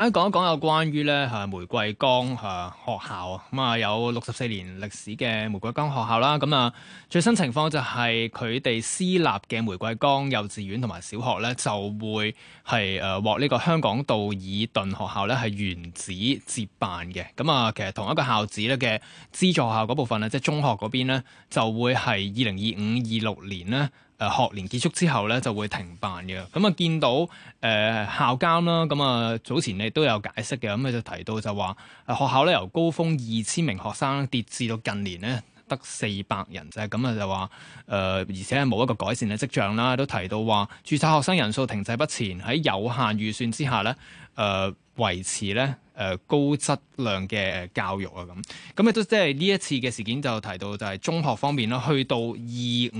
啊，講一講有關於咧，係玫瑰崗誒學校啊，咁啊有六十四年歷史嘅玫瑰崗學校啦，咁啊最新情況就係佢哋私立嘅玫瑰崗幼稚園同埋小學咧，就會係誒獲呢個香港道爾頓學校咧係原址接辦嘅，咁啊其實同一個校址咧嘅資助學校嗰部分咧，即係中學嗰邊咧就會係二零二五二六年咧，誒學年結束之後咧，就會停辦嘅。咁、嗯、啊，見到誒、呃、校監啦，咁、嗯、啊早前你都有解釋嘅。咁、嗯、佢就提到就話，學校咧由高峰二千名學生跌至到近年咧得四百人，就咁、是、啊，就話誒，而且冇一個改善嘅跡象啦。都提到話，註冊學生人數停滯不前，喺有限預算之下咧，誒、呃、維持咧，誒高質量嘅誒教育啊，咁咁亦都即係呢一次嘅事件就提到，就係中學方面啦，去到二五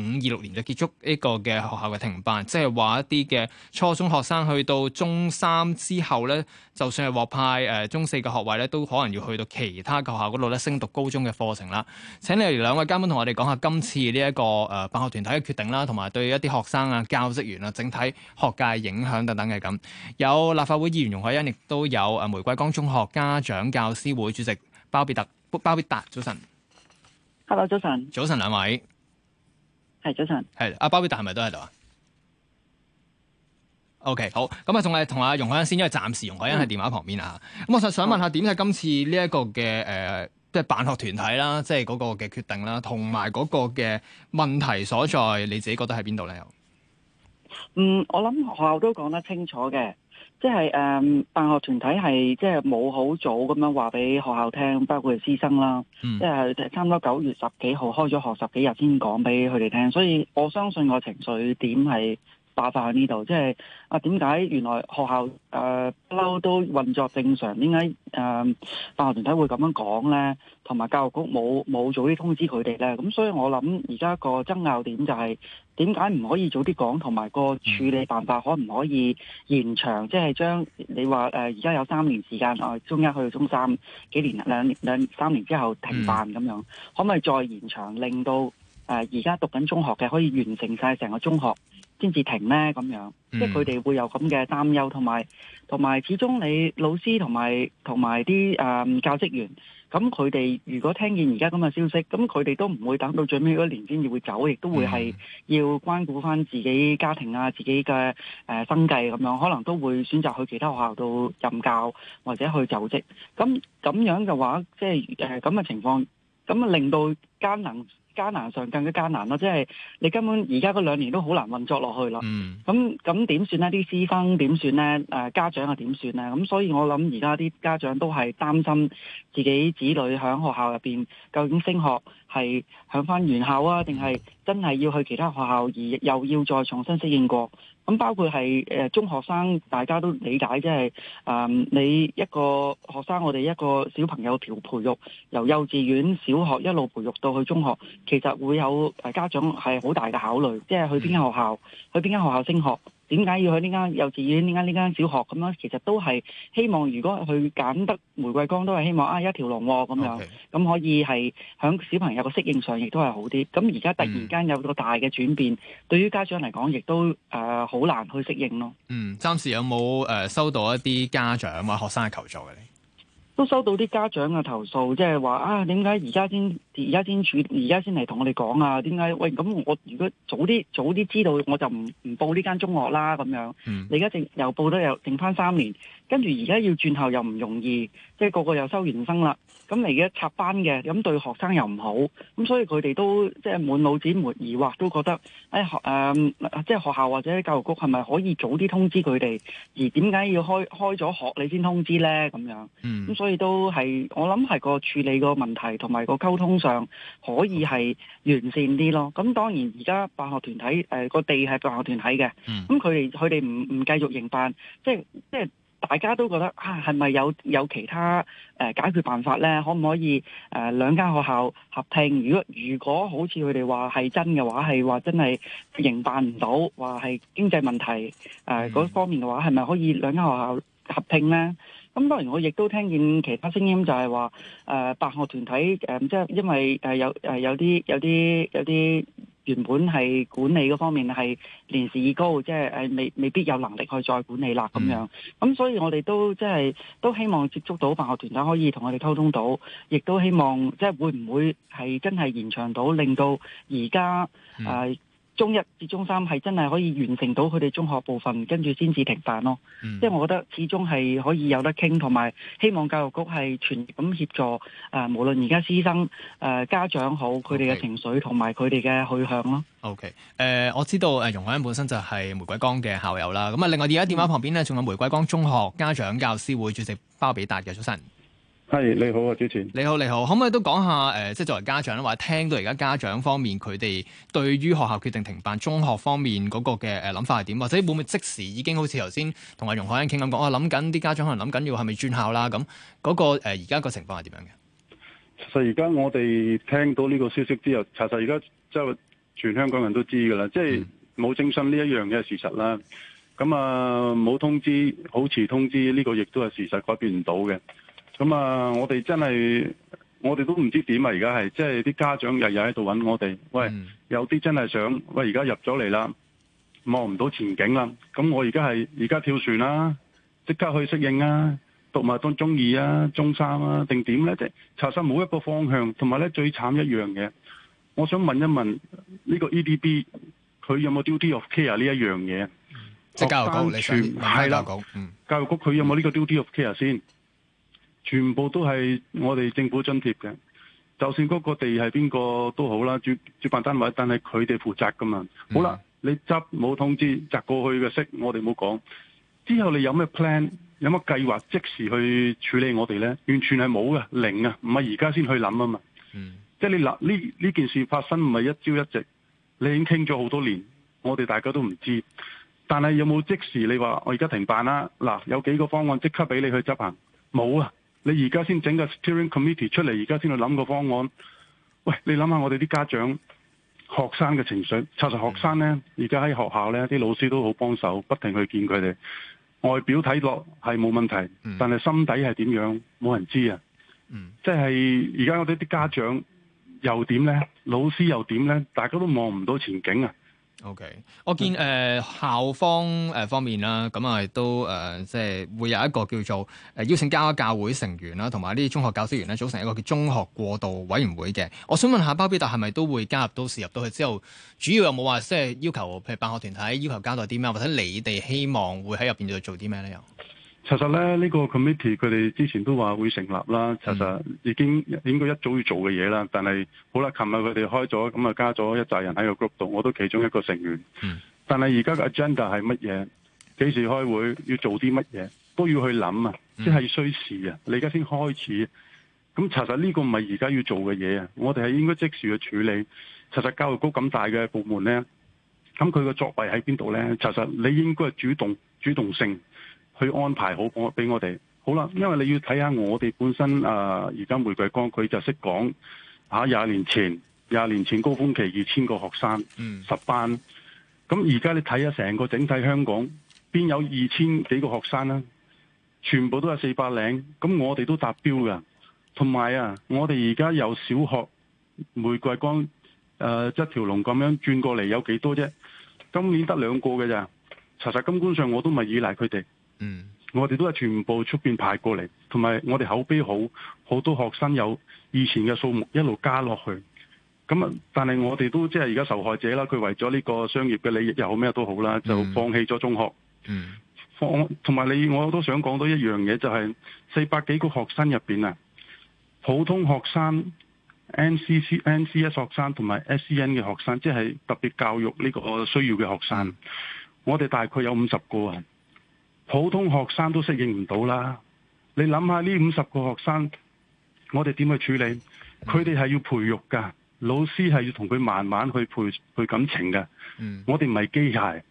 二六年就結束呢個嘅學校嘅停辦，即係話一啲嘅初中學生去到中三之後咧，就算係獲派誒中四嘅學位咧，都可能要去到其他嘅學校嗰度咧升讀高中嘅課程啦。請你哋兩位嘉賓同我哋講下今次呢、這、一個誒辦、呃、學團體嘅決定啦，同埋對一啲學生啊、教職員啊、整體學界影響等等嘅咁。有立法會議員容海恩亦都有誒玫瑰崗中學家長教師會主席包比達，包比達，早晨。Hello，早晨。早晨，兩位係早晨。係阿包比達，係咪都喺度啊？OK，好。咁啊，仲係同阿容海恩先，因為暫時容海恩喺電話旁邊啊。咁、嗯，我就想問下，點解今次呢一個嘅誒，即、呃、係辦學團體啦，即係嗰個嘅決定啦，同埋嗰個嘅問題所在，你自己覺得喺邊度咧？嗯，我諗學校都講得清楚嘅。即係誒辦學團體係即係冇好早咁樣話俾學校聽，包括師生啦，即、嗯、係、就是、差唔多九月多十幾號開咗學，十幾日先講俾佢哋聽。所以我相信個情緒點係。化化喺呢度，即係啊？點解原來學校誒不嬲,都運作正常？點解誒辦學團體會咁樣講咧？同埋教育局冇冇早啲通知佢哋咧？咁所以我諗而家個爭拗點就係點解唔可以早啲講？同埋個處理辦法可唔可以延長？即係將你話誒而家有三年時間啊，中一去到中三幾年兩兩三年之後停辦咁樣，嗯，可唔可以再延長，令到誒而家讀緊中學嘅可以完成晒成個中學？先至停呢，咁樣，即係佢哋會有咁嘅擔憂，同埋同埋始終你老師同埋同埋啲誒教職員，咁佢哋如果聽見而家咁嘅消息，咁佢哋都唔會等到最尾嗰年先至會走，亦都會係要關顧返自己家庭啊、自己嘅誒、呃、生計咁樣，可能都會選擇去其他學校度任教或者去就職。咁咁樣嘅話，即係誒咁嘅情況，咁啊令到艱難。艱難上更加艱難咯，即係你根本而家嗰兩年都好難運作落去啦。咁咁點算呢？啲師生點算呢？誒、呃，家長又點算呢？咁所以我諗而家啲家長都係擔心自己子女喺學校入邊究竟升學？係響翻原校啊？定係真係要去其他學校而又要再重新適應過？咁包括係誒中學生，大家都理解，即係誒你一個學生，我哋一個小朋友調培育，由幼稚園、小學一路培育到去中學，其實會有誒家長係好大嘅考慮，即係去邊間學校，去邊間學校升學。點解要去呢間幼稚園？呢間呢間小學咁樣，其實都係希望，如果去揀得玫瑰崗，都係希望啊，一條龍咁樣，咁、okay. 可以係響小朋友嘅適應上也是好一點，亦都係好啲。咁而家突然間有一個大嘅轉變，嗯、對於家長嚟講，亦都誒好難去適應咯。嗯，暫時有冇誒、呃、收到一啲家長或學生嘅求助嘅咧？都收到啲家長嘅投訴，即係話啊，點解，而家先而家先處而家先嚟，同我哋講啊？點解，喂，咁我如果早啲早啲知道，我就唔唔報呢間中學啦咁樣，嗯、你而家定又報得又剩翻三年，跟住而家要轉校又唔容易。即係個個又收完生啦，咁嚟嘅插班嘅，咁對學生又唔好，咁所以佢哋都即係滿腦子沒疑惑，都覺得誒學誒即係學校或者教育局係咪可以早啲通知佢哋？而點解要開開咗學你先通知咧？咁樣，嗯，咁所以都係我諗係個處理個問題同埋個溝通上可以係完善啲咯。咁當然而家辦學團體誒個、呃、地係辦學團體嘅，咁佢哋佢哋唔唔繼續營辦，即係即係。大家都覺得啊，係咪有有其他誒、呃、解決辦法咧？可唔可以誒、呃、兩間學校合併？如果如果好似佢哋話係真嘅話，係話真係營辦唔到，話係經濟問題誒嗰、呃、方面嘅話，係、嗯、咪可以兩間學校合併咧？咁、嗯、當然我亦都聽見其他聲音就是說，就係話誒白學團體誒，即、呃、係、就是、因為誒、呃、有誒、呃、有啲有啲有啲。原本係管理嗰方面係年事已高，即係誒未未必有能力去再管理啦咁樣，咁、嗯嗯、所以我哋都即係都希望接觸到辦學團長可以同我哋溝通到，亦都希望即係會唔會係真係延長到，令到而家誒。嗯呃中一至中三係真係可以完成到佢哋中學部分，跟住先至停辦咯。即、嗯、係我覺得始終係可以有得傾，同埋希望教育局係全力咁協助。誒、呃，無論而家師生誒、呃、家長好，佢哋嘅情緒同埋佢哋嘅去向咯。O K，誒，我知道誒容海恩本身就係玫瑰崗嘅校友啦。咁啊，另外而家電話旁邊咧，仲有玫瑰崗中學家長教師會主席包比達嘅早晨。係你好啊，主持。你好，你好，可唔可以都講下誒、呃，即係作為家長或者聽到而家家長方面佢哋對於學校決定停辦中學方面嗰個嘅諗、呃、法係點？或者會唔會即時已經好似頭先同阿容海恩傾咁講，我諗緊啲家長可能諗緊要係咪轉校啦？咁嗰、那個誒而家個情況係點樣嘅？其實而家我哋聽到呢個消息之後，查實而家即係全香港人都知噶啦，即係冇徵詢呢一樣嘢係事實啦。咁、嗯、啊，冇通知，好遲通知呢、這個亦都係事實，改變唔到嘅。咁啊！我哋真係，我哋都唔知點啊！而家係即係啲家長日日喺度揾我哋、嗯，喂，有啲真係想，喂，而家入咗嚟啦，望唔到前景啦。咁我而家係而家跳船啦、啊，即刻去適應啊，讀埋當中二啊、中三啊，定點咧？即係查實冇一個方向，同埋咧最慘一樣嘢。我想問一問呢個 EDB，佢有冇 duty of care 呢一樣嘢？即教育局，你，你係啦、嗯，教育局，教育局佢有冇呢個 duty of care 先？全部都係我哋政府津貼嘅，就算嗰個地係邊個都好啦，主主辦單位，但係佢哋負責噶嘛。Mm -hmm. 好啦，你執冇通知，執過去嘅息，我哋冇講。之後你有咩 plan，有乜計劃，即時去處理我哋呢？完全係冇嘅，零啊，唔係而家先去諗啊嘛。Mm -hmm. 即係你嗱，呢呢件事發生唔係一朝一夕，你已經傾咗好多年，我哋大家都唔知。但係有冇即時你話我而家停辦啦？嗱，有幾個方案即刻俾你去執行，冇啊。你而家先整個 Steering Committee 出嚟，而家先去諗個方案。喂，你諗下我哋啲家長、學生嘅情緒。查實學生呢，而家喺學校呢，啲老師都好幫手，不停去見佢哋。外表睇落係冇問題，但係心底係點樣，冇人知啊。嗯，即係而家我哋啲家長又點呢？老師又點呢？大家都望唔到前景啊！O.K. 我見誒、呃、校方誒、呃、方面啦，咁啊都誒、呃、即係會有一個叫做誒邀請家教會成員啦，同埋呢啲中學教師員咧組成一個叫中學過渡委員會嘅。我想問下包比達係咪都會加入都市入到去之後，主要有冇話即係要求譬如辦學團體要求交代啲咩，或者你哋希望會喺入邊度做啲咩咧又？其實咧，呢個 committee 佢哋之前都話會成立啦。其實已經應該一早要做嘅嘢啦，但係好啦，琴日佢哋開咗，咁啊加咗一紮人喺個 group 度，我都其中一個成員。嗯。但係而家嘅 agenda 係乜嘢？幾時開會？要做啲乜嘢？都要去諗啊！即係需時啊！你而家先開始，咁查實呢個唔係而家要做嘅嘢啊！我哋係應該即時去處理。查實教育局咁大嘅部門咧，咁佢個作為喺邊度咧？查實你應該係主動主動性。佢安排好我俾我哋好啦，因為你要睇下我哋本身、呃、啊。而家玫瑰崗佢就識講啊，廿年前廿年前高峰期二千個學生，嗯，十班咁。而家你睇下成個整體香港邊有二千幾個學生啦？全部都係四百零咁，我哋都達標㗎。同埋啊，我哋而家由小學玫瑰崗誒、呃、一條龍咁樣轉過嚟，有幾多啫？今年得兩個嘅咋？查實根本上我都唔係依賴佢哋。嗯， 我哋都係全部出邊派過嚟，同埋我哋口碑好，好多學生有以前嘅數目一路加落去。咁啊，但係我哋都即係而家受害者啦。佢為咗呢個商業嘅利益，又好咩都好啦，就放棄咗中學。嗯， 放同埋你，我都想講多一樣嘢，就係、是、四百幾個學生入邊啊，普通學生、NCC、NCS 學生同埋 SEN 嘅學生，即係特別教育呢個需要嘅學生， 我哋大概有五十個啊。普通學生都適應唔到啦！你諗下呢五十個學生，我哋點去處理？佢哋係要培育噶，老師係要同佢慢慢去培去感情嘅。Mm. 我哋唔係機械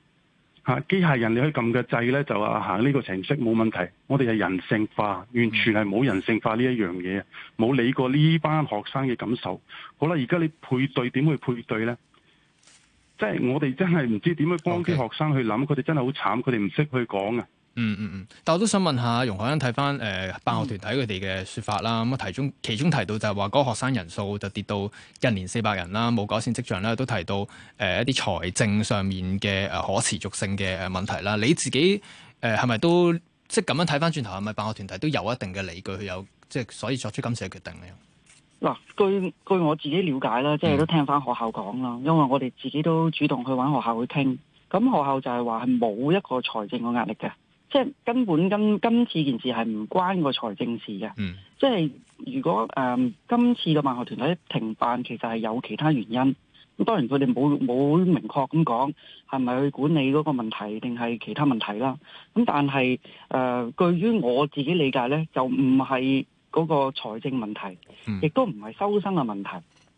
嚇，機械人你去撳個掣咧就話行呢個程式冇問題。我哋係人性化，mm. 完全係冇人性化呢一樣嘢，冇理過呢班學生嘅感受。好啦，而家你配對點去配對呢？即係我哋真係唔知點去幫啲學生去諗，okay. 佢哋真係好慘，佢哋唔識去講啊！嗯嗯嗯，但我都想問下容海恩，睇翻誒辦學團體佢哋嘅說法啦。咁啊其中其中提到就係話嗰學生人數就跌到一年四百人啦，冇改善跡象啦。都提到誒、呃、一啲財政上面嘅誒、呃、可持續性嘅誒問題啦。你自己誒係咪都即係咁樣睇翻轉頭係咪辦學團體都有一定嘅理據去有即係所以作出今次嘅決定咧？嗱，據據我自己了解啦，即、就、係、是、都聽翻學校講啦、嗯，因為我哋自己都主動去揾學校去傾。咁學校就係話係冇一個財政嘅壓力嘅。即係根本跟今次件事係唔關個財政事嘅，嗯，即係如果誒、呃、今次個辦學團體停辦，其實係有其他原因。咁當然佢哋冇冇明確咁講係咪去管理嗰個問題，定係其他問題啦。咁但係誒，據、呃、於我自己理解咧，就唔係嗰個財政問題，亦、嗯、都唔係收生嘅問題。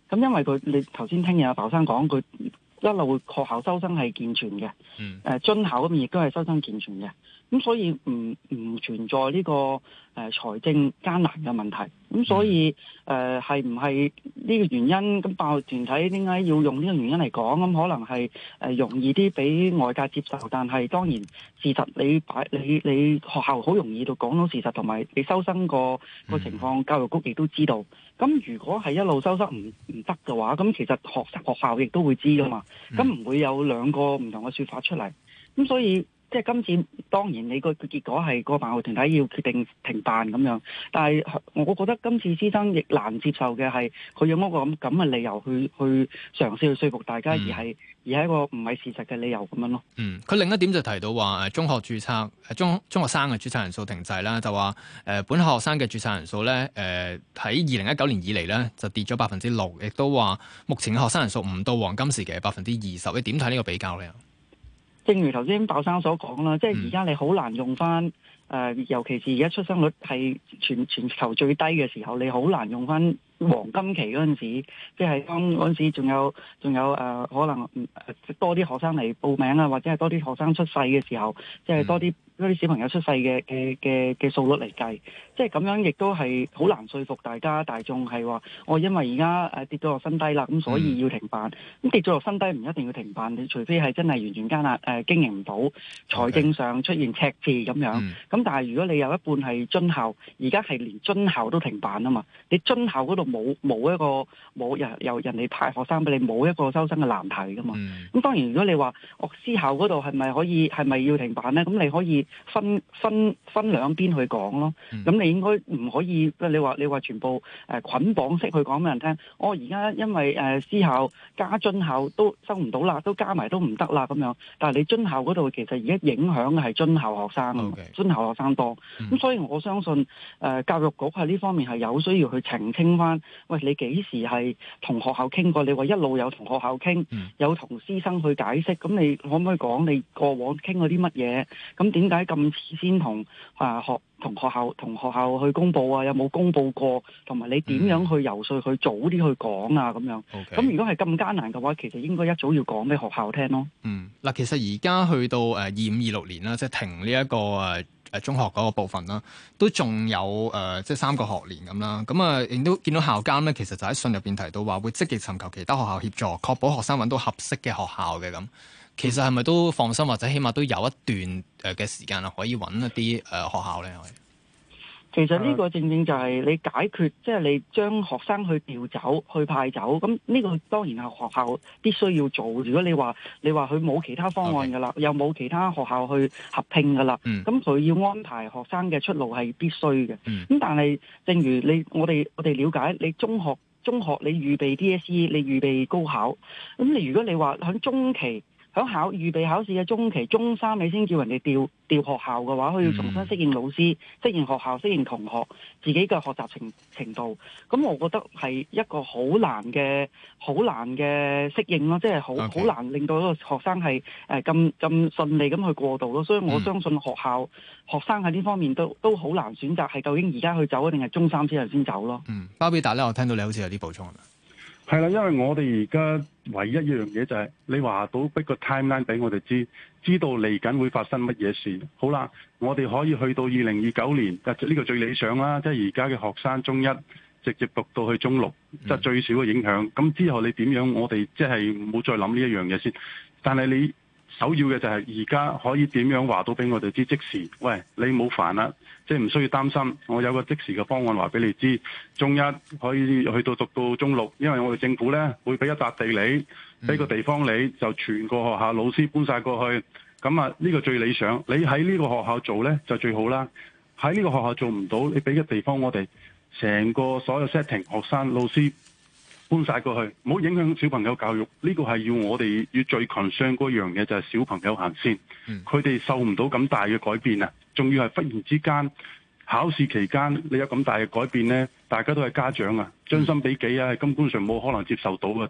咁因為佢你頭先聽日阿包生講，佢一路會學校收生係健全嘅，誒、嗯、津、呃、校嗰邊亦都係收生健全嘅。咁、嗯、所以唔唔存在呢、這個誒財、呃、政艱難嘅問題。咁、嗯、所以誒係唔係呢個原因咁？辦學團體點解要用呢個原因嚟講，咁可能係、呃、容易啲俾外界接受，但係當然事實，你你你你事實，你擺你你學校好容易到講到事實同埋你收生個個情況、嗯，教育局亦都知道。咁如果係一路收生唔唔得嘅話，咁其實學習學校亦都會知噶嘛。咁唔會有兩個唔同嘅說法出嚟。咁所以。即係今次當然你個結果係個辦學團體要決定停辦咁樣，但係我覺得今次師生亦難接受嘅係佢用嗰個咁咁嘅理由去去嘗試去說服大家，嗯、而係而係一個唔係事實嘅理由咁樣咯。嗯，佢另一點就提到話，誒中學註冊中中學生嘅註冊人數停滯啦，就話誒本校學生嘅註冊人數咧，誒喺二零一九年以嚟咧就跌咗百分之六，亦都話目前嘅學生人數唔到黃金時期嘅百分之二十，你點睇呢個比較咧？正如頭先包生所講啦，即係而家你好難用翻誒、呃，尤其是而家出生率係全全球最低嘅時候，你好難用翻。黃金期嗰陣時，即係當嗰陣時，仲有仲有誒，可能多啲學生嚟報名啊，或者係多啲學生出世嘅時候，即係多啲啲小朋友出世嘅嘅嘅嘅數率嚟計，即係咁樣亦都係好難説服大家大眾係話，我、哦、因為而家誒跌到落新低啦，咁所以要停辦。咁、嗯、跌咗落新低唔一定要停辦，你除非係真係完全艱難誒經營唔到，財政上出現赤字咁樣。咁、嗯、但係如果你有一半係津校，而家係連津校都停辦啊嘛，你津校嗰度。冇冇一個冇人由人哋派學生俾你，冇一個收生嘅難題噶嘛？咁、嗯、當然如果你話我私校嗰度係咪可以係咪要停辦咧？咁你可以分分分兩邊去講咯。咁、嗯、你應該唔可以你話你話全部誒、呃、捆綁式去講俾人聽。我而家因為誒、呃、私校加津校都收唔到啦，都加埋都唔得啦咁樣。但係你津校嗰度其實而家影響係津校學生啊嘛，津、嗯、校學生多。咁、嗯嗯、所以我相信誒、呃、教育局喺呢方面係有需要去澄清翻。喂，你幾時係同學校傾過？你話一路有同學校傾，嗯，有同師生去解釋，咁你可唔可以講你過往傾過啲乜嘢？咁點解咁遲先同啊學同學校同學校去公布啊？有冇公布過？同埋你點樣去游説去早啲去講啊？咁樣，咁、okay. 如果係咁艱難嘅話，其實應該一早要講俾學校聽咯。嗯，嗱，其實而家去到誒二五二六年啦，即、就、係、是、停呢、這、一個誒。中學嗰個部分啦，都仲有、呃、即係三個學年咁啦。咁啊，亦都見到校監咧，其實就喺信入邊提到話，會積極尋求其他學校協助，確保學生揾到合適嘅學校嘅。咁，其實係咪都放心，或者起碼都有一段、呃、嘅時間啦，可以揾一啲誒、呃、學校咧？其實呢個正正就係你解決，即係你將學生去調走、去派走，咁呢個當然係學校必須要做。如果你話你話佢冇其他方案嘅啦，okay. 又冇其他學校去合併嘅啦，咁、mm. 佢要安排學生嘅出路係必須嘅。咁、mm. 但係，正如你我哋我哋了解，你中學中學你預備 DSE，你預備高考，咁你如果你話喺中期。響考、預備考試嘅中期，中三你先叫人哋調調學校嘅話，佢要重新適應老師、適、嗯、應學校、適應同學，自己嘅學習程程度，咁我覺得係一個好難嘅、好難嘅適應咯，即係好好難令到一個學生係誒咁咁順利咁去過渡咯。所以我相信學校、嗯、學生喺呢方面都都好難選擇，係究竟而家去走定係中三之後先走咯。嗯，包比達咧，我聽到你好似有啲補充。係啦，因為我哋而家。唯一一樣嘢就係、是、你話到逼個 timeline 俾我哋知，知道嚟緊會發生乜嘢事。好啦，我哋可以去到二零二九年，啊，呢個最理想啦，即係而家嘅學生中一直接讀到去中六，即係最少嘅影響。咁之後你點樣？我哋即係唔好再諗呢一樣嘢先。但係你。首要嘅就係而家可以點樣話到俾我哋知即時，喂，你冇煩啦，即係唔需要擔心，我有個即時嘅方案話俾你知，中一可以去到讀到中六，因為我哋政府呢會俾一笪地理，俾個地方你，就全個學校老師搬晒過去，咁啊呢個最理想，你喺呢個學校做呢就最好啦，喺呢個學校做唔到，你俾個地方我哋，成個所有 setting 學生老師。搬晒過去，唔好影響小朋友教育。呢個係要我哋要最緊張嗰樣嘢，就係、是、小朋友行先。佢、嗯、哋受唔到咁大嘅改變啊！仲要係忽然之間考試期間，你有咁大嘅改變咧，大家都係家長啊，將心比己啊，根本上冇可能接受到啊！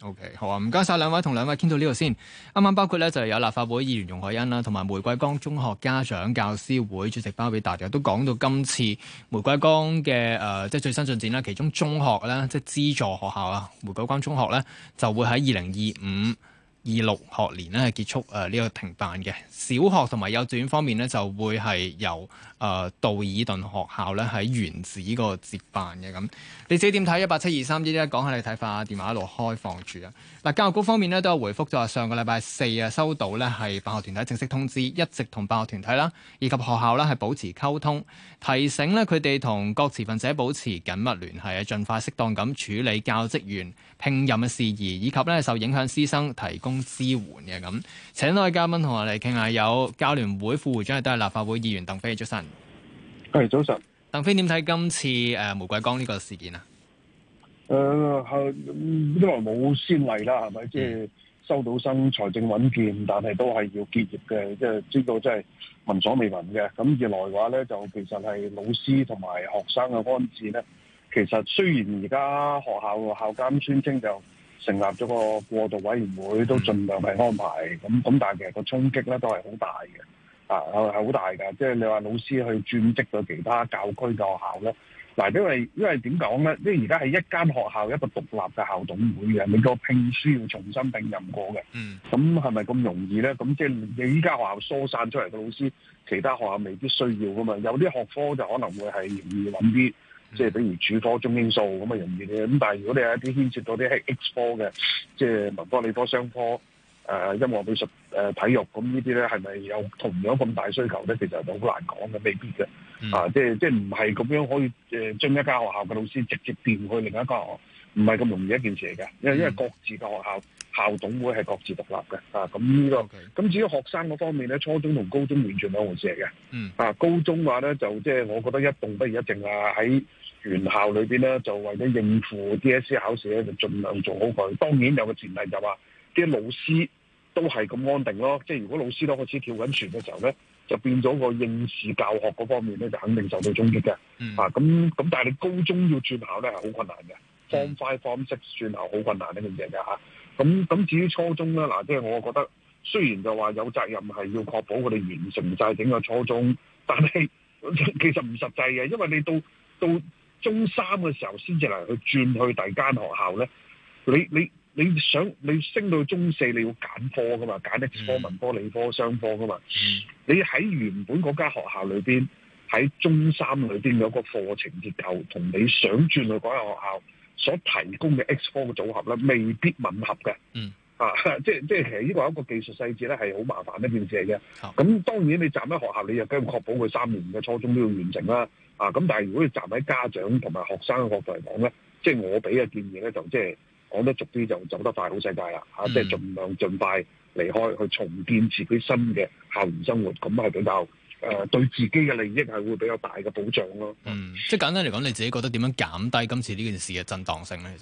O.K. 好啊，唔該晒。兩位，同兩位傾到呢度先。啱啱包括咧就有立法會議員容海恩啦，同埋玫瑰崗中學家長教師會主席包比達，大家都講到今次玫瑰崗嘅即係最新進展啦。其中中學啦，即係資助學校啊，玫瑰崗中學咧就會喺二零二五、二六學年咧，結束，誒呢個停辦嘅，小學同埋幼稚園方面咧就會係由誒、呃、道爾頓學校咧喺原址個接辦嘅。咁你自己點睇？一八七二三一一，講下你睇法啊！電話一路開放住啊！嗱，教育局方面咧都有回覆，就話上個禮拜四啊收到咧係辦學團體正式通知，一直同辦學團體啦以及學校啦係保持溝通。提醒咧，佢哋同各持份者保持緊密聯繫，啊，盡快適當咁處理教職員聘任嘅事宜，以及咧受影響師生提供支援嘅咁。請到我嘅嘉賓同我哋傾下，有教聯會副會長，亦都係立法會議員鄧飛，早晨。係，早晨，鄧飛點睇今次誒、呃、玫瑰崗呢個事件啊？誒、呃，因為冇先例啦，係咪即係？嗯收到生財政穩健，但係都係要結業嘅，即係知道即係聞所未聞嘅。咁二來嘅話咧，就其實係老師同埋學生嘅安置咧，其實雖然而家學校校監宣稱就成立咗個過渡委員會，都盡量係安排咁咁，但係其實個衝擊咧都係好大嘅，啊係好大㗎，即係你話老師去轉職到其他教區嘅學校咧。嗱，因為呢因為點講咧？即係而家係一間學校一個獨立嘅校董會嘅，你個聘書要重新聘任過嘅。嗯，咁係咪咁容易咧？咁即係你依家學校疏散出嚟嘅老師，其他學校未必需要噶嘛。有啲學科就可能會係容易揾啲，即係比如主科中英數咁啊容易啲。咁但係如果你有一啲牽涉到啲 X 科嘅，即係文科理科商科。誒、呃、音樂、美術、誒、呃、體育，咁、嗯、呢啲咧係咪有同樣咁大需求咧？其實好難講嘅，未必嘅。啊，即係即係唔係咁樣可以誒，將、呃、一間學校嘅老師直接掂去另一間學校唔係咁容易一件事嚟嘅。因為、嗯、因為各自嘅學校校董會係各自獨立嘅。啊，咁、嗯、呢、這個咁、okay. 至於學生嗰方面咧，初中同高中完全兩回事嚟嘅。嗯。啊，高中話咧就即係我覺得一動不如一靜啊，喺原校裏邊咧就為咗應付 DSE 考試咧就盡量做好佢。當然有個前提就話啲老師。都係咁安定咯，即係如果老師都開始跳緊船嘅時候咧，就變咗個應試教學嗰方面咧，就肯定受到衝擊嘅、嗯。啊，咁咁，但係你高中要轉校咧係好困難嘅，Form five Form six，轉校好困難呢件嘢㗎吓。咁咁，至於初中咧，嗱、啊，即、就、係、是、我覺得雖然就話有責任係要確保佢哋完成曬整個初中，但係其實唔實際嘅，因為你到到中三嘅時候先至嚟去轉去第二間學校咧，你你。你想你升到中四，你要揀科噶嘛？揀 X 科、嗯、文科、理科、商科噶嘛？嗯、你喺原本嗰間學校裏面，喺中三裏面有個課程結構，同你想轉去嗰間學校所提供嘅 X 科嘅組合咧，未必吻合嘅。啊、嗯，即即係其實呢個係一個技術細節咧，係好麻煩一件事嚟嘅。咁當然你站喺學校，你又梗係確保佢三年嘅初中都要完成啦。啊，咁但係如果你站喺家長同埋學生嘅角度嚟講咧，即係我俾嘅建議咧，就即係。講得俗啲就走得快好世界啦嚇、嗯，即係儘量盡快離開，去重建自己新嘅校園生活，咁係比較誒、呃、對自己嘅利益係會比較大嘅保障咯。嗯，即係簡單嚟講，你自己覺得點樣減低今次呢件事嘅振盪性震盪性咧？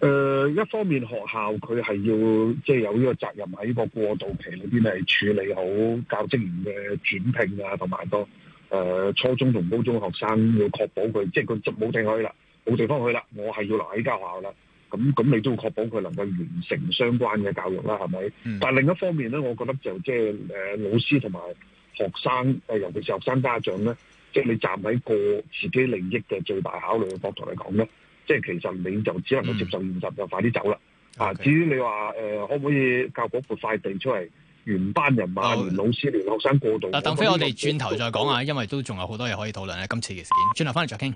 其、呃、實，誒一方面學校佢係要即係、就是、有呢個責任喺呢個過渡期裏邊係處理好教職員嘅轉聘啊，同埋、那個誒、呃、初中同高中學生要確保佢即係佢冇地去啦，冇地方去啦，我係要留喺間學校啦。咁咁，你都要確保佢能夠完成相關嘅教育啦，係咪、嗯？但另一方面咧，我覺得就即係老師同埋學生，尤其是學生家長咧，即係你站喺個自己利益嘅最大考慮嘅角度嚟講咧，即係其實你就只能夠接受現實，嗯、就快啲走啦。啊、okay，至於你話可唔可以教保撥快地出嚟，原班人馬、連老師、連學生過渡？嗱，鄧飛，我哋轉頭再講啊，因為都仲有好多嘢可以討論咧，今次嘅事件。轉頭翻嚟再傾。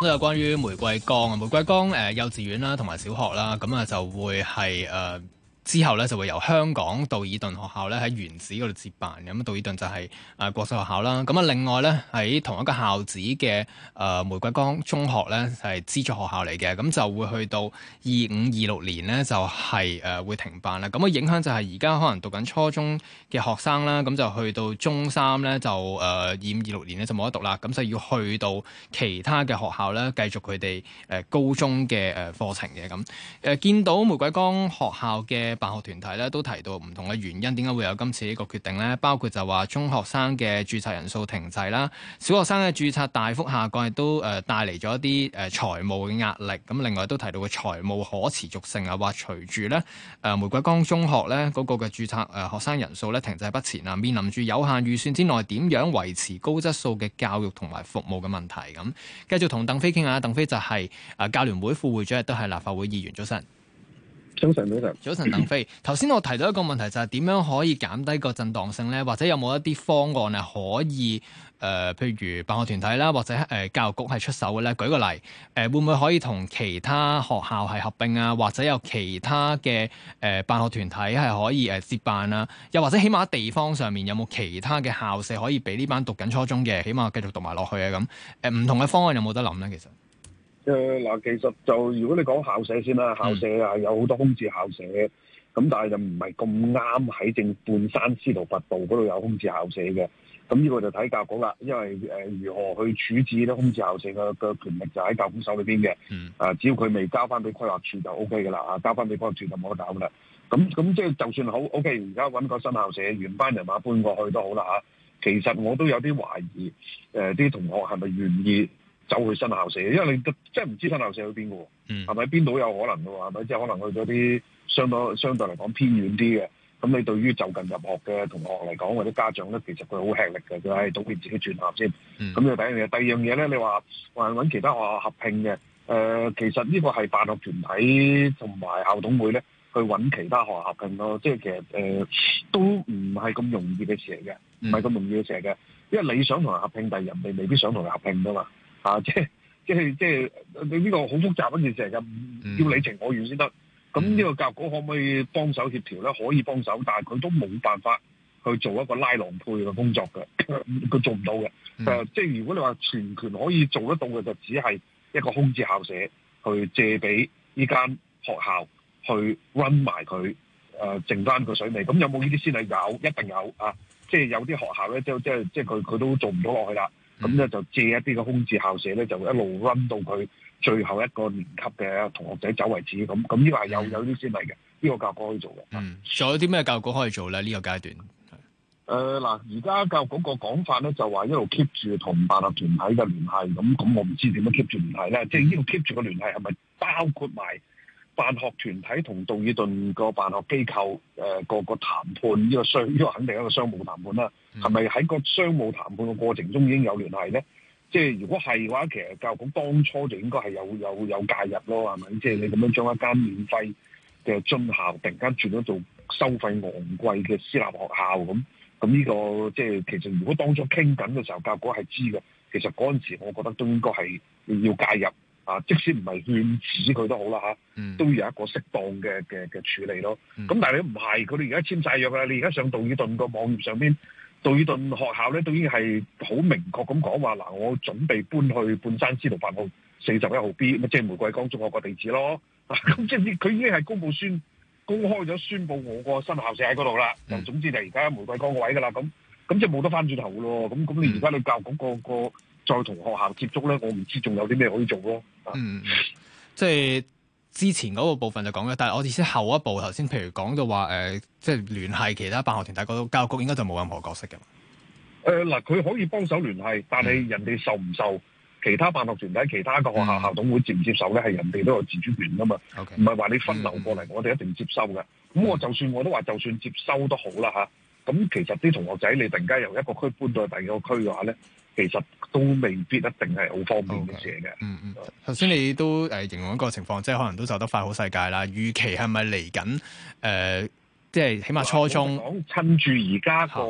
都有關於玫瑰崗啊，玫瑰崗誒、呃，幼稚園啦，同埋小學啦，咁啊就會係誒。呃之後咧就會由香港道爾頓學校咧喺原址嗰度接辦，咁、嗯、道爾頓就係、是、誒、呃、國際學校啦。咁、嗯、啊另外咧喺同一個校址嘅誒玫瑰崗中學咧係、就是、資助學校嚟嘅，咁、嗯、就會去到二五二六年咧就係、是、誒、呃、會停辦啦。咁、嗯、啊影響就係而家可能讀緊初中嘅學生啦，咁、嗯、就去到中三咧就誒二五二六年咧就冇得讀啦，咁、嗯、就要去到其他嘅學校咧繼續佢哋誒高中嘅誒課程嘅咁。誒、嗯呃、見到玫瑰崗學校嘅。辦學團體咧都提到唔同嘅原因，點解會有今次呢個決定呢？包括就話中學生嘅註冊人數停滯啦，小學生嘅註冊大幅下降，亦都誒帶嚟咗一啲誒財務嘅壓力。咁另外都提到個財務可持續性啊，話隨住呢誒玫瑰崗中學呢嗰個嘅註冊誒學生人數咧停滯不前啊，面臨住有限預算之內點樣維持高質素嘅教育同埋服務嘅問題咁。繼續同鄧飛傾下，鄧飛就係誒教聯會副會長，亦都係立法會議員，早晨。早晨，早晨。早晨，鄧飛。頭先我提到一個問題就係點樣可以減低個震盪性咧，或者有冇一啲方案係可以誒、呃，譬如辦學團體啦，或者誒、呃、教育局係出手嘅咧？舉個例，誒、呃、會唔會可以同其他學校係合併啊？或者有其他嘅誒、呃、辦學團體係可以誒、呃、接辦啊？又或者起碼地方上面有冇其他嘅校舍可以俾呢班讀緊初中嘅，起碼繼續讀埋落去啊？咁誒，唔、呃、同嘅方案有冇得諗咧？其實？誒，嗱，其實就如果你講校舍先啦，校舍啊有好多空置校舍，咁但係就唔係咁啱喺正半山司徒拔道嗰度有空置校舍嘅，咁呢個就睇教育局啦，因為誒如何去處置呢空置校舍嘅嘅權力就喺教管手裏邊嘅，啊，只要佢未交翻俾規劃署就 O K 噶啦，交翻俾規劃署就冇得搞啦，咁咁即係就算好 O K，而家搵個新校舍，原班人馬搬過去都好啦，吓，其實我都有啲懷疑，誒、呃，啲同學係咪願意？走去新校舍，因為你即係唔知道新校舍去邊嘅喎，係咪邊度有可能嘅喎，係咪即係可能去咗啲相對相對嚟講偏遠啲嘅？咁你對於就近入學嘅同學嚟講，或者家長咧，其實佢好吃力嘅，就係組別自己轉校先。咁、嗯、你第一樣嘢，第二樣嘢咧，你話話揾其他學校合併嘅，誒、呃，其實呢個係辦學團體同埋校董會咧，去揾其他學校合併咯。即係其實誒、呃、都唔係咁容易嘅事嚟嘅，唔係咁容易嘅事嚟嘅、嗯，因為你想同人合併，但係人哋未必想同你合併啊嘛。啊！即係即係即係，你、這、呢個好複雜一件事嚟，要你情我願先得。咁、嗯、呢個教育局可唔可以幫手協調咧？可以幫手，但係佢都冇辦法去做一個拉郎配嘅工作嘅，佢做唔到嘅。誒、嗯啊，即係如果你話全權可以做得到嘅，就只係一個空置校舍去借俾呢間學校去 run 埋佢誒，剩翻個水味。咁有冇呢啲先係有？一定有啊！即係有啲學校咧，即係即係即係佢佢都做唔到落去啦。咁、嗯、咧就借一啲嘅空置校舍咧，就一路 run 到佢最後一個年級嘅同學仔走為止。咁咁呢個係有、嗯、有啲先例嘅，呢、這個教育局可以做嘅。嗯，仲有啲咩教育局可以做咧？呢、這個階段，誒、呃、嗱，而家教育局個講法咧，就話一路 keep 住同辦學團體嘅聯繫。咁、嗯、咁、嗯，我唔知點樣 keep 住聯繫呢？即係呢度 keep 住個聯繫係咪包括埋？辦學團體同杜爾頓個辦學機構，誒個個談判呢個商呢個肯定係一個商務談判啦。係咪喺個商務談判嘅過程中已經有聯繫咧？即係如果係嘅話，其實教育局當初就應該係有有有介入咯，係咪？即係你咁樣將一間免費嘅津校突然間轉咗做收費昂貴嘅私立學校咁，咁呢個即係其實如果當初傾緊嘅時候，教育局係知嘅，其實嗰時我覺得都應該係要介入。啊！即使唔係勸止佢都好啦嚇，都要有一個適當嘅嘅嘅處理咯。咁、嗯、但係你唔係，佢哋而家簽曬約啦。你而家上道爾頓個網頁上邊，道爾頓學校咧都已經係好明確咁講話嗱，我準備搬去半山司徒拔道四十一號 B，即係玫瑰崗中學個地址咯。咁即係佢已經係公佈宣公開咗宣佈我個新校舍喺嗰度啦。就總之就而家玫瑰崗個位㗎啦。咁咁即係冇得翻轉頭咯。咁咁你而家你教咁、嗰個個？嗯個再同學校接觸咧，我唔知仲有啲咩可以做咯。嗯，即係之前嗰個部分就講嘅，但係我哋先後一步頭先，譬如講到話、呃、即係聯繫其他辦學團體嗰度，教育局應該就冇任何角色嘅嘛。誒、呃、嗱，佢可以幫手聯繫，但係人哋受唔受其他辦學團體、其他嘅學校校董、嗯、會接唔接受咧？係人哋都有自主權啊嘛，唔係話你分流過嚟、嗯，我哋一定接收嘅。咁我就算我都話，就算接收都好啦咁、啊、其實啲同學仔，你突然間由一個區搬到去第二個區嘅話咧。其實都未必一定係好方便嘅事嘅、okay, 嗯。嗯嗯，頭先你都誒形容一個情況，即可能都走得快好世界啦。預期係咪嚟緊？誒、呃，即係起碼初中。我趁住而家個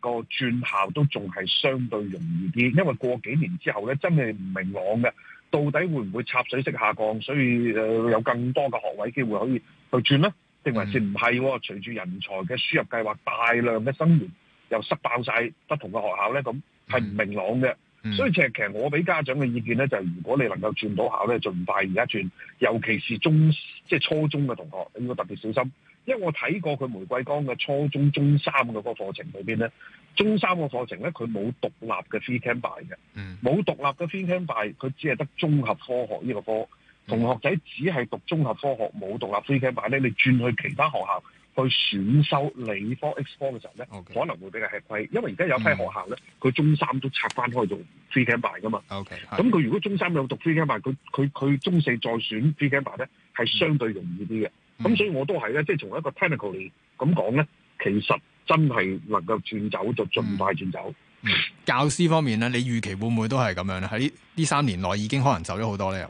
個轉校都仲係相對容易啲，因為過幾年之後咧，真係唔明朗嘅，到底會唔會插水式下降？所以有更多嘅學位機會可以去轉呢？定還是唔係、嗯？隨住人才嘅輸入計劃，大量嘅生源又塞爆晒不同嘅學校咧，咁。係唔明朗嘅、嗯，所以其實我俾家長嘅意見呢、就是，就係如果你能夠轉到校呢，儘快而家轉，尤其是中即係初中嘅同學，你要特別小心，因為我睇過佢玫瑰崗嘅初中中三嘅嗰個課程裏邊呢，中三嘅課程呢，佢冇獨立嘅 Phy Chem Bio 嘅，冇、嗯、獨立嘅 Phy Chem Bio，佢只係得綜合科學呢個科，同學仔只係讀綜合科學，冇獨立 Phy Chem Bio 呢，你轉去其他學校。去選修理科 X 科嘅時候咧，okay. 可能會比較吃虧，因為而家有批學校咧，佢、嗯、中三都拆翻開做 Phy Chem Bio 噶嘛。咁 okay, 佢 okay. 如果中三有讀 Phy Chem Bio，佢佢佢中四再選 Phy Chem Bio 咧，係相對容易啲嘅。咁、嗯、所以我都係咧，即、就、係、是、從一個 technical 嚟咁講咧，其實真係能夠轉走就儘快轉走、嗯嗯。教師方面咧，你預期會唔會都係咁樣咧？喺呢三年內已經可能走咗好多咧。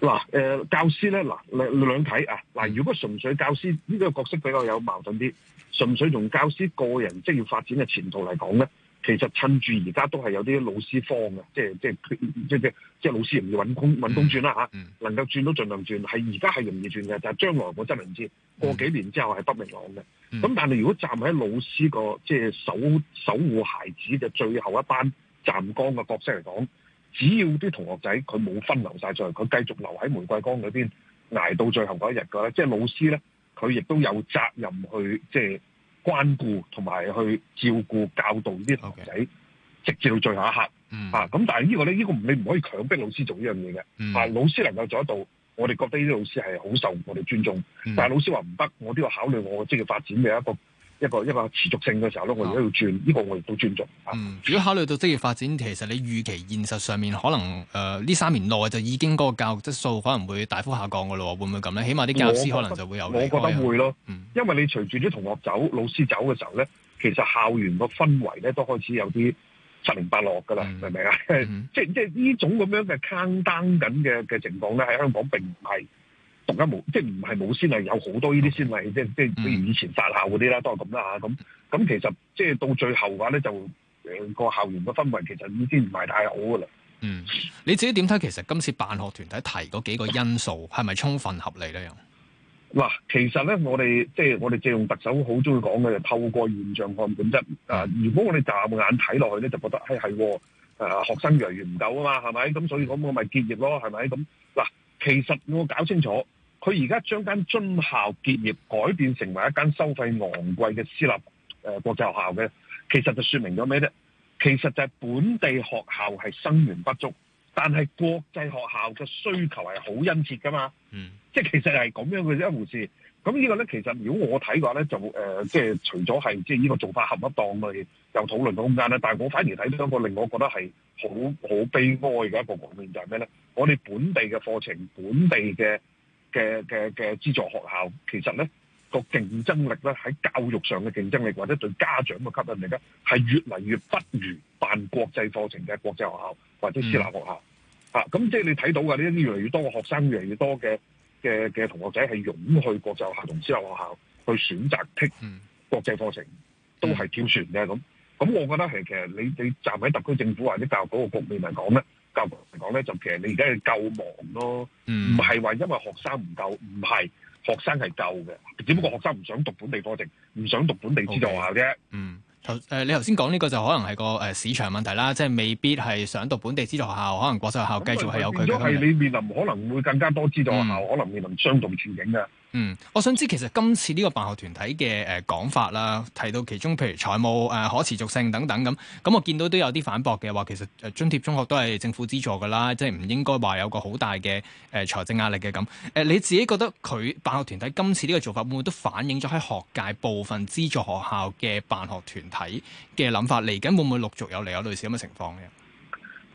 嗱，誒教師咧，嗱兩兩睇啊，嗱如果純粹教師呢、呢個角色比較有矛盾啲，純粹從教師個人職業、即係、發展嘅前途嚟講咧，其實趁住而家都係有啲老師慌嘅，即係即係即即即，即，即老師唔易揾工揾工轉啦嚇、啊，能夠轉都盡量轉，係而家係容易轉嘅，但係將來我真係唔知，過幾年之後係不明朗嘅。咁、嗯、但係如果站喺老師個即係守守護孩子嘅最後一班站崗嘅角色嚟講，只要啲同學仔佢冇分流曬出嚟，佢繼續留喺玫瑰崗嗰邊捱到最後嗰一日嘅咧，即係老師咧，佢亦都有責任去即係關顧同埋去照顧、教導啲同學仔，okay. 直至到最後一刻咁、嗯啊、但係呢個咧，呢、呢個你唔可以強迫老師做呢樣嘢嘅。老師能夠做得到，我哋覺得呢啲老師係好受我哋尊重。嗯、但係老師話唔得，我都要考慮我嘅職業發展嘅一個。一個一個持續性嘅時候咯，我哋都要轉，呢、啊這個我亦都尊重。嗯，如果考慮到職業發展，其實你預期現實上面可能誒呢、呃、三年內就已經嗰個教育質素可能會大幅下降嘅咯，會唔會咁咧？起碼啲教師可能就會有會我覺，我覺得會咯、嗯。因為你隨住啲同學走，嗯、老師走嘅時候咧，其實校園個氛圍咧都開始有啲七零八落嘅啦，明唔明啊？即即呢種咁樣嘅 count down 嘅嘅情況咧，喺香港並唔係。獨家冇，即係唔係冇先例，有好多呢啲先例，嗯、即係即係，比如以前法校嗰啲啦，都係咁啦吓咁。咁其實即係到最後嘅話咧，就誒個校園嘅氛圍其實已經唔係太好噶啦。嗯，你自己點睇？其實今次辦學團體提嗰幾個因素係咪充分合理咧？嗱，其實咧，我哋即係我哋借用特首好中意講嘅，透過現象看本質。啊、就是呃嗯，如果我哋驟眼睇落去咧，就覺得誒係誒學生越嚟越唔夠啊嘛，係咪咁？所以咁我咪結業咯，係咪咁嗱？其實要我搞清楚，佢而家將間津校結業改變成為一間收費昂貴嘅私立誒國際學校嘅，其實就說明咗咩啫？其實就係本地學校係生源不足。但係國際學校嘅需求係好殷切噶嘛，嗯，即係其實係咁樣嘅一回事。咁呢個咧，其實如果我睇嘅話咧，就、呃、誒，即係除咗係即係呢個做法合唔恰當，我哋又討論到咁啱咧。但係我反而睇到一個令我覺得係好好悲哀嘅一個局面，就係咩咧？我哋本地嘅課程、本地嘅嘅嘅嘅資助學校，其實咧。個競爭力咧，喺教育上嘅競爭力，或者對家長嘅吸引力咧，係越嚟越不如辦國際課程嘅國際學校或者私立學校。咁、嗯啊、即係你睇到嘅呢啲越嚟越多嘅學生，越嚟越多嘅嘅嘅同學仔係湧去國際學校同私立學校去選擇剔國際課程，嗯、都係跳船嘅咁。咁我覺得係其實你你站喺特區政府或者教育局個局面嚟講咧，教育局嚟講咧就其實你而家係夠忙咯，唔係話因為學生唔夠，唔係。學生係夠嘅，只不過學生唔想讀本地課程，唔想讀本地資助學校啫。Okay. 嗯，頭誒、呃，你頭先講呢個就可能係個誒、呃、市場問題啦，即係未必係想讀本地資助學校，可能國際學校繼續係有佢嘅。變咗係你面臨可能會更加多資助學校，嗯、可能面臨相同前景嘅。嗯，我想知其實今次呢個辦學團體嘅誒講法啦，提到其中譬如財務誒可持續性等等咁，咁我見到都有啲反駁嘅，話其實誒津貼中學都係政府資助噶啦，即係唔應該話有個好大嘅誒財政壓力嘅咁。誒，你自己覺得佢辦學團體今次呢個做法會唔會都反映咗喺學界部分資助學校嘅辦學團體嘅諗法，嚟緊會唔會陸續有嚟，有類似咁嘅情況嘅？誒、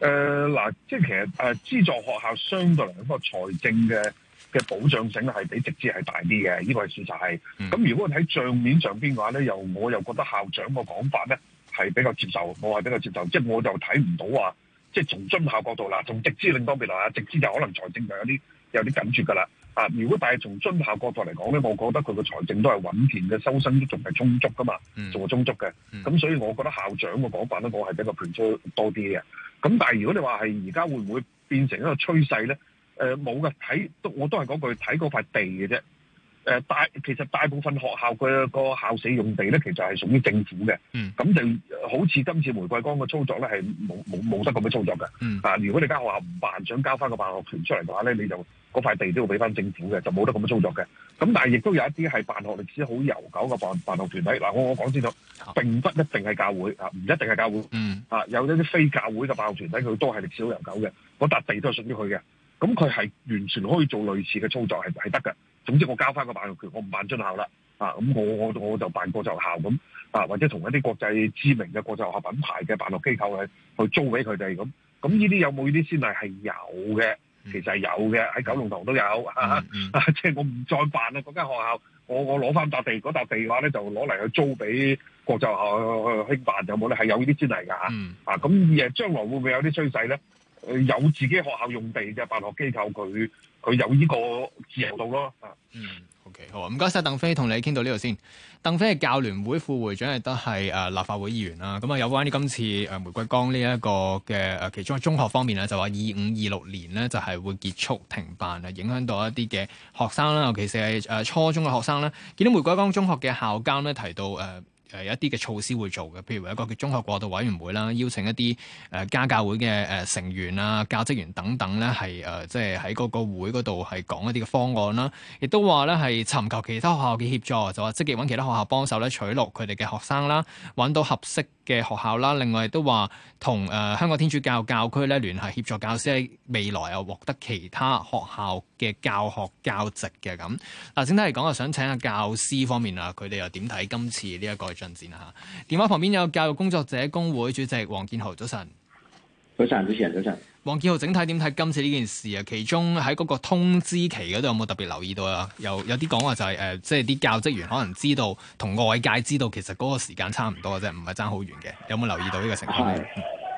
呃，嗱，即係其實誒資助學校相對嚟講，個財政嘅。嘅保障性咧，係比直資係大啲嘅，呢個係事實係。咁、嗯、如果喺帳面上邊嘅話咧，又我又覺得校長個講法咧，係比較接受，我係比較接受。即、就、係、是、我就睇唔到話，即係從津校角度啦，從直資另方面嚟啊，直資就可能財政就有啲有啲緊絀噶啦。啊，如果但係從津校角度嚟講咧，我覺得佢個財政都係穩健嘅，收生都仲係充足噶嘛，仲、嗯、係充足嘅。咁、嗯、所以，我覺得校長個講法咧，我係比較接受多啲嘅。咁但係如果你話係而家會唔會變成一個趨勢咧？誒、呃，冇噶，睇我都係講句睇嗰塊地嘅啫。誒、呃，大其實大部分學校嘅個校舍用地咧，其實係屬於政府嘅。咁、嗯、就好似今次玫瑰崗嘅操作咧，係冇冇冇得咁樣操作嘅。嗯、啊。如果你間學校唔辦，想交翻個辦學權出嚟嘅話咧，你就嗰塊地都要俾翻政府嘅，就冇得咁樣操作嘅。咁但係亦都有一啲係辦學歷史好悠久嘅辦辦，辦學團體。嗱、啊，我我講清楚，並不一定係教會啊，唔一定係教會、嗯。啊，有一啲非教會嘅辦學團體，佢都係歷史好悠久嘅，嗰笪地都係屬於佢嘅。咁佢係完全可以做類似嘅操作，係係得㗎。總之我交翻個辦學權，我唔辦津校啦。啊，咁我我我就辦國際學校咁啊，或者同一啲國際知名嘅國際學校品牌嘅辦學機構去去租俾佢哋咁。咁呢啲有冇呢啲先例？係有嘅？其實有嘅，喺九龍塘都有啊。即、mm、係 -hmm. 啊就是、我唔再辦啦，嗰間學校，我我攞翻笪地，嗰笪地話話咧就攞嚟去租俾國際學校、啊、興辦有冇咧？係有呢啲先例噶吓啊。咁、啊、誒，將、啊、來會唔會有啲趨勢咧？有自己學校用地嘅辦學機構，佢佢有呢個自由度咯。嗯，OK，好啊，唔該晒，鄧飛同你傾到呢度先。鄧飛係教聯會副會長是，亦都係誒立法會議員啦。咁啊，有關啲今次誒玫瑰崗呢一個嘅誒其中係中學方面咧，就話二五二六年呢，就係、是、會結束停辦啊，影響到一啲嘅學生啦，尤其是係誒、呃、初中嘅學生啦。見到玫瑰崗中學嘅校監呢，提到誒。呃誒一啲嘅措施會做嘅，譬如一個叫中學過渡委員會啦，邀請一啲誒家教會嘅誒成員啊、教職員等等咧，係誒即係喺嗰個會嗰度係講一啲嘅方案啦，亦都話咧係尋求其他學校嘅協助，就話積極揾其他學校幫手咧取錄佢哋嘅學生啦，揾到合適。嘅學校啦，另外都話同誒香港天主教教區咧聯繫，協助教師喺未來又獲得其他學校嘅教學教席嘅咁。嗱，整體嚟講啊，想請下教師方面啊，佢哋又點睇今次呢一個進展啊？電話旁邊有教育工作者工會主席黃建豪，早晨。早晨，主持人，早晨。黃建豪，整體點睇今次呢件事啊？其中喺嗰個通知期嗰度有冇特別留意到啊？有有啲講話就係、是、誒，即係啲教職員可能知道同外界知道，其實嗰個時間差唔多嘅啫，唔係爭好遠嘅。有冇留意到呢個情況？啊、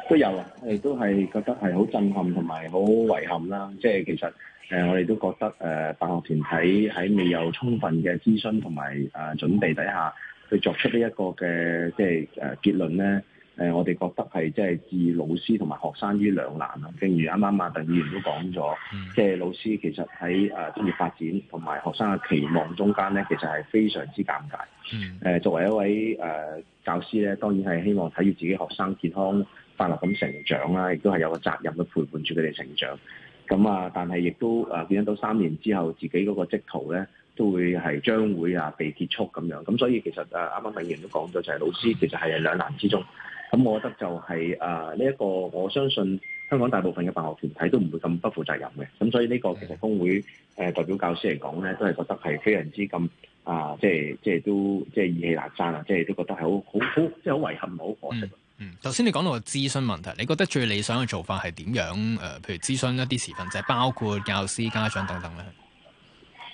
都有，我哋都係覺得係好震撼同埋好遺憾啦。即係其實誒、呃，我哋都覺得誒，辦、呃、學團體喺未有充分嘅諮詢同埋誒準備底下，去作出呢一個嘅即係誒、呃、結論咧。誒、呃，我哋覺得係即係置老師同埋學生於兩難啊！正如啱啱阿鄧議員都講咗，即、嗯、係、就是、老師其實喺誒、呃、專業發展同埋學生嘅期望中間咧，其實係非常之尷尬。誒、嗯呃，作為一位誒、呃、教師咧，當然係希望睇住自己學生健康快樂咁成長啦，亦都係有個責任去陪伴住佢哋成長。咁啊，但係亦都誒見到三年之後自己嗰個職途咧，都會係將會啊被結束咁樣。咁所以其實誒，啱啱鄧議員都講咗，就係、是、老師其實係兩難之中。咁、嗯，我覺得就係誒呢一個，我相信香港大部分嘅辦學團體都唔會咁不負責任嘅。咁所以呢個其實工會誒代表教師嚟講咧，都係覺得係非常之咁啊、呃，即係即係都即係意氣難攤啊，即係都，都，都覺得係好好好，即係好遺憾好可惜。嗯，頭、嗯、先你講到個諮詢問題，你覺得最理想嘅做法係點樣、呃？譬如諮詢一啲持份者就係包括教師、家長等等咧。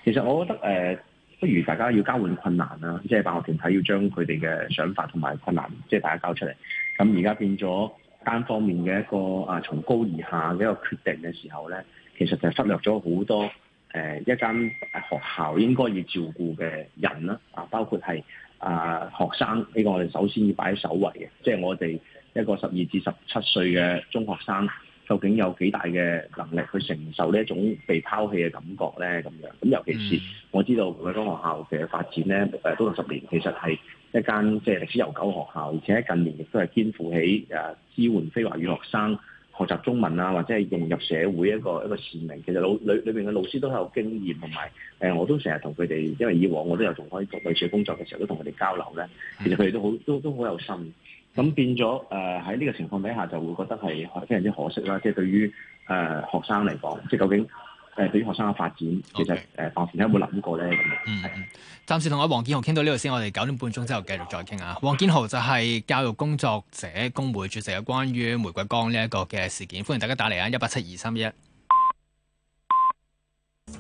其實我覺得誒、呃，不如大家要交換困難啦，即、就、係、是、辦學團體要將佢哋嘅想法同埋困難，即、就、係、是、大家交出嚟。咁而家變咗單方面嘅一個啊，從高而下嘅一個決定嘅時候咧，其實就忽略咗好多誒、呃、一間學校應該要照顧嘅人啦，啊，包括係啊、呃、學生呢、呢個我哋首先要擺喺首位嘅，即、就、係、是、我哋一個十二至十七歲嘅中學生，究竟有幾大嘅能力去承受呢一種被拋棄嘅感覺咧？咁樣咁尤其是我知道每間學校嘅發展咧，誒、呃、都六十年，其實係。一間即係歷史悠久學校，而且近年亦都係肩負起誒、啊、支援非華語學生學習中文啊，或者係融入社會一個一個使命。其實老裡裡邊嘅老師都係有經驗，同埋誒我都成日同佢哋，因為以往我都有同佢做類似嘅工作嘅時候，都同佢哋交流咧。其實佢哋都好都都好有心。咁變咗誒喺呢個情況底下，就會覺得係非常之可惜啦。即係對於誒、呃、學生嚟講，即係究竟。誒，對於學生嘅發展，okay. 其實誒，當時咧會諗過咧，咁、嗯。嗯，暫時同阿黃建豪傾到呢度先，我哋九點半鐘之後繼續再傾啊。黃建豪就係教育工作者工會主席啊，關於玫瑰崗呢一個嘅事件，歡迎大家打嚟啊，一八七二三一。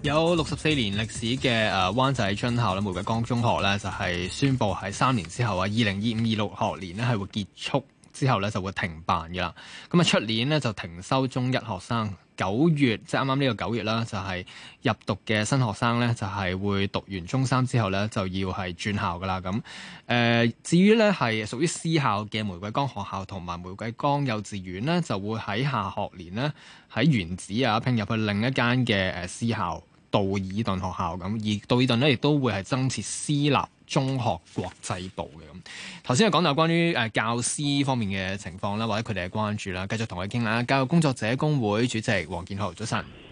有六十四年歷史嘅誒灣仔春校啦，玫瑰崗中學咧就係宣布喺三年之後啊，二零二五二六學年咧係會結束。之後咧就會停辦嘅啦。咁啊，出年呢，就停收中一學生。九月即係啱啱呢個九月啦，就係入讀嘅新學生呢，就係會讀完中三之後呢，就要係轉校噶啦。咁誒、呃，至於呢，係屬於私校嘅玫瑰崗學校同埋玫瑰崗幼稚園呢，就會喺下學年呢，喺原址啊拼入去另一間嘅誒私校道爾頓學校咁。而道爾頓呢，亦都會係增設私立。中學國際部嘅咁，頭先講到誒關於教師方面嘅情況啦，或者佢哋嘅關注啦，繼續同佢傾啦。教育工作者工會主席黃建豪，早晨。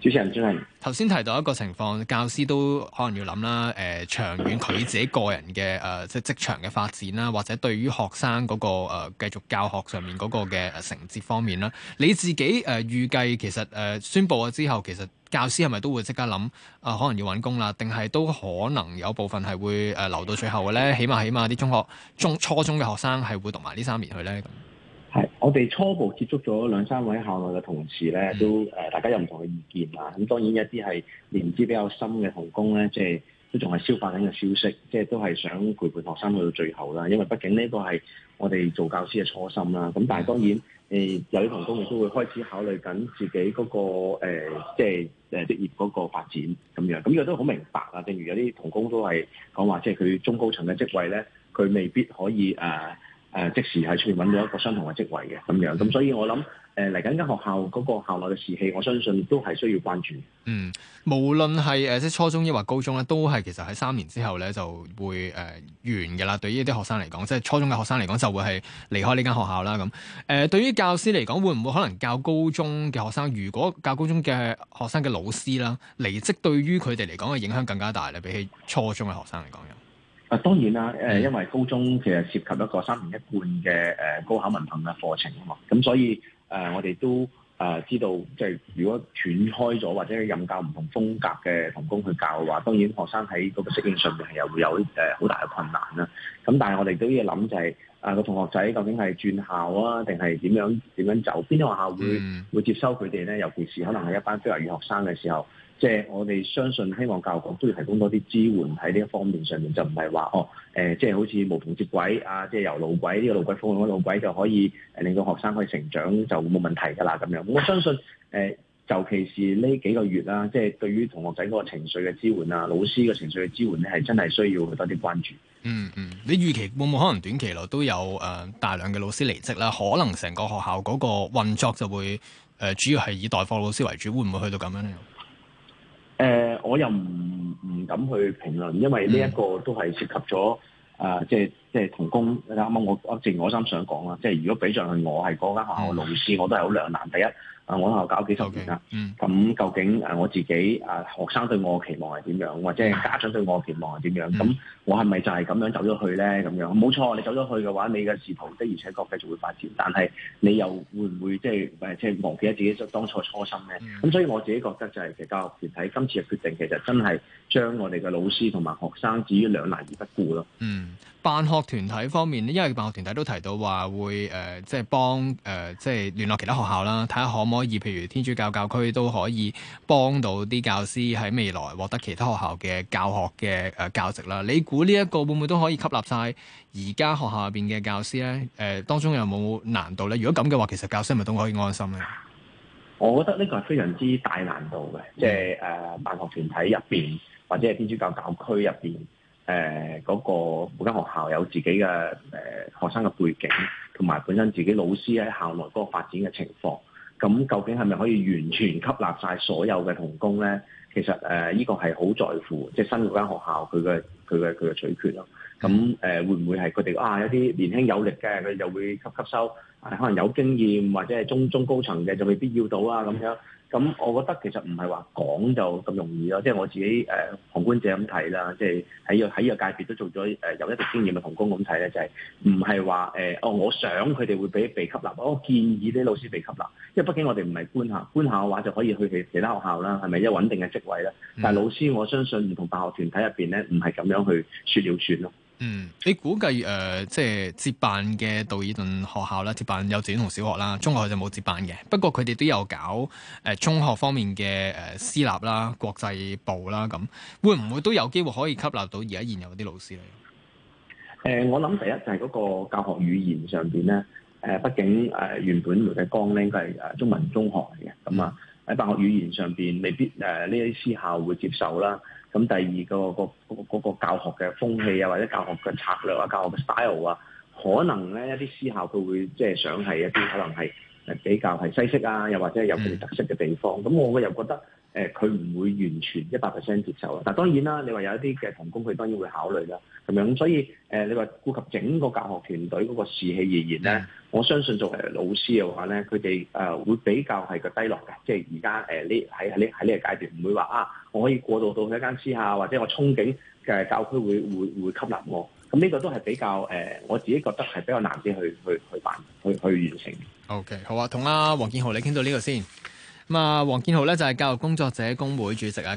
主持人，主持人，頭先提到一個情況，教師都可能要諗啦。誒、呃、長遠佢自己個人嘅誒、呃、即係職場嘅發展啦，或者對於學生嗰、那個、呃、繼續教學上面嗰個嘅承接方面啦。你自己誒、呃、預計其實誒、呃、宣佈咗之後，其實教師係咪都會即刻諗啊、呃？可能要搵工啦，定係都可能有部分係會誒、呃、留到最後嘅咧？起碼起碼啲中學中初中嘅學生係會讀埋呢三年去咧。我哋初步接觸咗兩三位校內嘅同事咧，都誒、呃、大家有唔同嘅意見啊。咁當然一啲係年資比較深嘅同工咧，即係都仲係消化緊嘅消息，即係都係想陪伴學生去到最後啦。因為畢竟呢個係我哋做教師嘅初心啦。咁但係當然誒、呃、有啲同工亦都會開始考慮緊自己嗰、那個、呃、即係誒職業嗰個發展咁樣。咁亦都好明白啊。正如有啲同工都係講話，即係佢中高層嘅職位咧，佢未必可以誒、呃誒即時係出面揾到一個相同嘅職位嘅咁樣，咁所以我諗誒嚟緊間學校嗰個校內嘅士氣，我相信都係需要關注。嗯，無論係誒即係初中抑或高中咧，都係其實喺三年之後咧就會誒、呃、完㗎啦。對於一啲學生嚟講，即係初中嘅學生嚟講，就，是、講就會係離開呢間學校啦。咁誒、呃，對於教師嚟講，會唔會可能教高中嘅學生？如果教高中嘅學生嘅老師啦離職，對於佢哋嚟講嘅影響更加大咧，比起初中嘅學生嚟講啊，當然啦，誒，因為高中其實涉及一個三年一貫嘅誒高考文憑嘅課程啊嘛，咁所以誒，我哋都誒知道，即係如果斷開咗或者任教唔同風格嘅同工去教嘅話，當然學生喺嗰個適應上面係又會有誒好大嘅困難啦。咁但係我哋都要諗就係啊，個同學仔究竟係轉校啊，定係點樣點樣走？邊啲學校會會接收佢哋咧？尤其是可能係一班非華語學生嘅時候。即係我哋相信，希望教育局都要提供多啲支援喺呢一方面上面，就唔係話哦、呃、即係好似無縫接軌啊，即係由路軌呢個路軌，封路嘅路軌就可以令到學生可以成長就冇問題㗎啦。咁樣我相信誒，尤其是呢幾個月啦，即係對於同學仔嗰個情緒嘅支援啊，老師嘅情緒嘅支援咧，係真係需要多啲關注。嗯嗯，你預期會唔會可能短期內都有、呃、大量嘅老師離職啦？可能成個學校嗰個運作就會、呃、主要係以代課老師為主，會唔會去到咁樣咧？誒、呃，我又唔唔敢去評論，因為呢一個都係涉及咗啊、呃，即係即係同工。啱啱我我正我心想講啦，即係如果畀上去，我係嗰間學校老師，我都係好兩難。第一。啊，我又搞幾十年啦，咁、okay, 嗯、究竟誒我自己誒、啊、學生對我期望係點樣，或者家長對我期望係點樣？咁、嗯、我係咪就係咁樣走咗去咧？咁樣冇錯，你走咗去嘅話，你嘅仕途的而且確繼續會發展，但係你又會唔會即係誒即係忘記咗自己當初嘅初心咧？咁、嗯、所以我自己覺得就係、是、其實教育團體今次嘅決定其實真係將我哋嘅老師同埋學生置於兩難而不顧咯。嗯，辦學團體方面咧，因為辦學團體都提到話會誒即係幫誒即係聯絡其他學校啦，睇下可唔可。可以，譬如天主教教區都可以幫到啲教師喺未來獲得其他學校嘅教學嘅誒教職啦。你估呢一個會唔會都可以吸納晒而家學校入邊嘅教師咧？誒當中有冇難度咧？如果咁嘅話，其實教師咪都可以安心咧。我覺得呢個係非常之大難度嘅，即係誒辦學團體入邊或者係天主教教區入邊誒嗰個每間學校有自己嘅誒、呃、學生嘅背景同埋本身自己老師喺校內嗰個發展嘅情況。咁究竟係咪可以完全吸納晒所有嘅童工咧？其實誒，依個係好在乎，即係新嗰間學校佢嘅佢嘅佢嘅取決咯。咁誒，會唔會係佢哋啊？有啲年輕有力嘅，佢又會吸吸收。可能有經驗或者係中中高層嘅，就未必要到啊咁樣。咁，我覺得其實唔係話講就咁容易咯，即、就、係、是、我自己誒旁觀者咁睇啦，即係喺個喺個界別都做咗誒、呃，有一啲經驗嘅同工咁睇咧，就係唔係話誒，哦，我想佢哋會俾被，被吸納，我建議啲老師被吸納，因為畢竟我哋唔係官校，官校嘅話就可以去其其他學校啦，係咪一穩定嘅職位啦、嗯、但係老師，我相信唔同辦學團體入面咧，唔係咁樣去說了算咯。嗯，你估計誒、呃，即係接辦嘅道爾頓學校啦，接辦幼稚園同小學啦，中學就冇接辦嘅。不過佢哋都有搞誒、呃、中學方面嘅誒、呃、私立啦、國際部啦，咁會唔會都有機會可以吸納到而家現有啲老師咧？誒、呃，我諗第一就係、是、嗰個教學語言上邊咧。誒、呃，畢竟誒、呃、原本玫瑰崗咧，都係誒中文中學嚟嘅，咁啊喺教學語言上邊未必誒呢啲私校會接受啦。咁第二個個嗰個，個，個教學嘅風氣啊，或者教學嘅策略啊，教學嘅 style 啊，可能咧一啲私校佢會即係想係一啲可能係。係比較係西式啊，又或者係有佢哋特色嘅地方。咁、嗯、我又覺得誒，佢、呃、唔會完全一百 percent 接受啦。但當然啦，你話有一啲嘅同工，佢當然會考慮啦。咁樣所以誒、呃，你話顧及整個教學團隊嗰個士氣而言咧、嗯，我相信作為老師嘅話咧，佢哋誒會比較係個低落嘅。即係而家誒呢喺喺呢喺呢個階段，唔會話啊，我可以過渡到去一間私校，或者我憧憬嘅教區會會會吸納我。咁呢個都係比較誒、呃，我自己覺得係比較難啲去去去辦去去完成。O.K. 好啊，同啊黃建豪你傾到呢個先。咁啊，黃建豪咧就係、是、教育工作者工會主席啊。